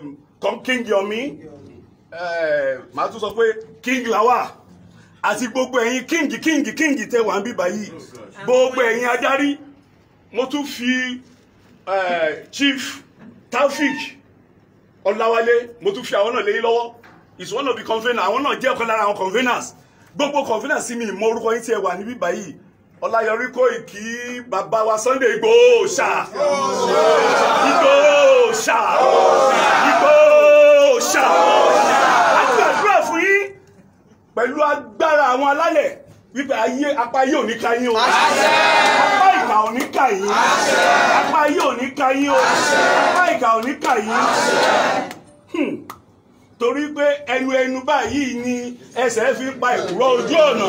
Um, come king yomi eh, màá tún sọ pé king lawa àti gbogbo ẹ̀yin king king king tẹ wà ń bíbá yìí gbogbo ẹ̀yin adarí mo tún fi eh, chief taofik ọláwálé mo tún fi àwọn náà léyìn lọ́wọ́ is one of the convener àwọn náà jẹ́ ọ̀kan lára àwọn conveners gbogbo convener sí mi ìmọ̀ orúkọ yín tí ẹ wà ní bíbá ọláyọrí Kóìkí bàbá wa Sunday Igboho ṣá Igboho ṣá. pẹ̀lú agbára àwọn alálẹ̀ wípé ayé apá yóò ní ka yín o apá ìkà ò ní ka yín apá yóò ní ka yín o apá ìkà ò ní ka yín hmm. torí pé ẹnu ẹnu báyìí ni ẹsẹ̀ fi pa ìkúrọ̀ ojú ọ̀nà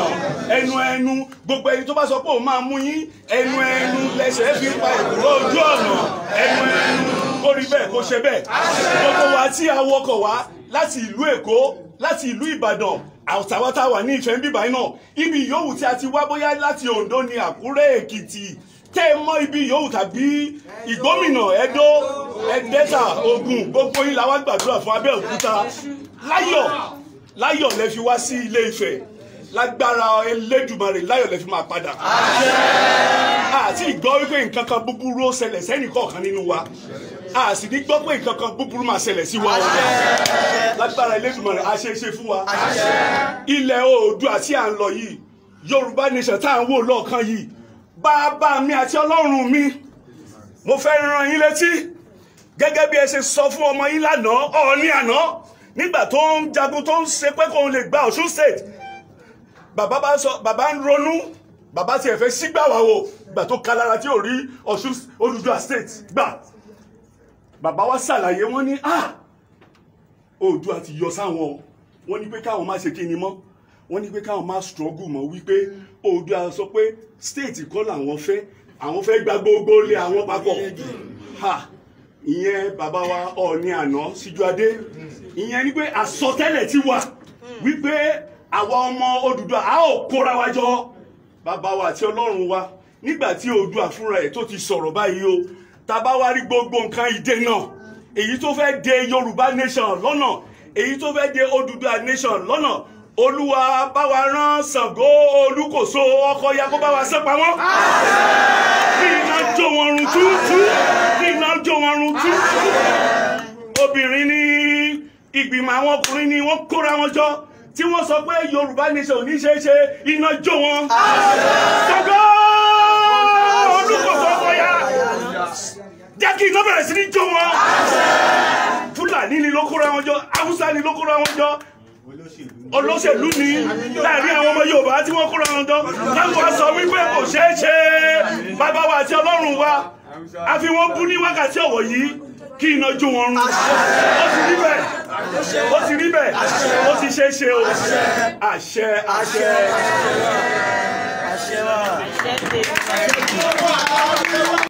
ẹnu ẹnu gbogbo ẹni tó bá sọ pé òun máa mú yín ẹnu ẹnu lẹsẹ̀ fi pa ìkúrọ̀ ojú ọ̀nà ẹnu ẹnu kó rí bẹ́ẹ̀ kó ṣe bẹ́ẹ̀ gbogbo wa tí a wọkọ̀ wá láti ìlú Èkó láti ìlú Ìbàdàn àwùsáwá tá a wà ní ìfẹ́ ń bíbá iná ibi yòówù tí a ti wá bóyá láti Oǹdó ni Àkúrẹ́ Èkìtì tẹ́ ẹ mọ́ ibi yòówù tàbí Ìgbómìnà Ẹdó Ẹdẹ́ta Ògùn gbogbo yín la wá gbàdúrà fún Abẹ́òkúta láyọ̀ láyọ̀ lẹ fi wá sí Ilé Ifẹ̀ lágbára Elédùmarè láyọ̀ lẹ fi máa padà. àti ìgbọ́ wípé nǹkan kan búburú ó ṣẹlẹ̀ sẹ́nì kọ̀ọ̀kan nínú wa a sì ní gbọ́ pé nǹkan kan búburú máa ṣẹlẹ̀ sí wa lágbára Elédùmarè àṣeṣe fún wa ilẹ̀ Oòduà tí à ń lọ yìí Yorùbá nation tá à ń wò lọ́ọ̀kan yìí bàbá mi àti ọlọ́run mi mo fẹ́ rán yín létí gẹ́gẹ́ bí ẹ ṣe sọ fún ọmọ yín lánàá ọ̀ọ́ni àná nígbà tó ń jagun tó ń ṣe pé kóun lè gba Ọ̀ṣun state bàbá bá sọ bàbá ń ronú bàbá tiẹ̀ fẹ́ sígbà wà wò ìgbà tó kalára tí ò rí Ọ̀ṣun Odùduwà state gbà bàbá wa ṣàlàyé wọ́n ní ah oòdùà ti yọ sáwọn o wọ́n ní pé káwọn má ṣe kíni mọ́ wọ́n ní pé káwọn má struggle mọ́ wípé oòdùà sọ pé state kọ́ làwọn fẹ́ àwọn fẹ́ gba gbogbo lé àwọn papọ̀ ha ìyẹn bàbá wa ọ̀ọ́ni àná síjúadé ìyẹn ni pé àsọtẹ́lẹ̀ ti wà wípé àwa ọmọ Odùduwà a ò kóra wa jọ bàbá wa àti ọlọ́run wa nígbà tí oòdùà fúnra ẹ̀ tó ti sọ̀rọ̀ báyìí o tàbá wá rí gbogbo nǹkan ìdènà èyí tó fẹ́ de yorùbá nation lọ́nà èyí tó fẹ́ de odùduwà nation lọ́nà olúwa bá wa rán ṣàngó olúkòso ọkọ ya kó bá wa sẹ́pa wọ́n kí iná jó wọn run túútúú iná jó wọn run túútúú obìnrin ní ìgbìmọ̀ àwọn ọkùnrin ni wọ́n kóra wọn jọ tí wọ́n sọ pé yorùbá nation ò ní ṣeé ṣe iná jó wọn ṣàngó. fúlàní ni ló kóra wọn jọ haúsá ni ló kóra wọn jọ olóṣèlú ni láàrin àwọn ọmọ yorùbá tí wọ́n kóra wọn jọ láwọn aṣọ wípé kò ṣeé ṣe bàbá wa àti ọlọ́run wa a fi wọ́n kú ní wákàtí ọ̀wọ̀ yìí kí iná jó wọn run ó ti rí bẹ́ẹ̀ ó ti rí bẹ́ẹ̀ ó ti ṣeé ṣe o àṣẹ àṣẹ. àṣẹ wa.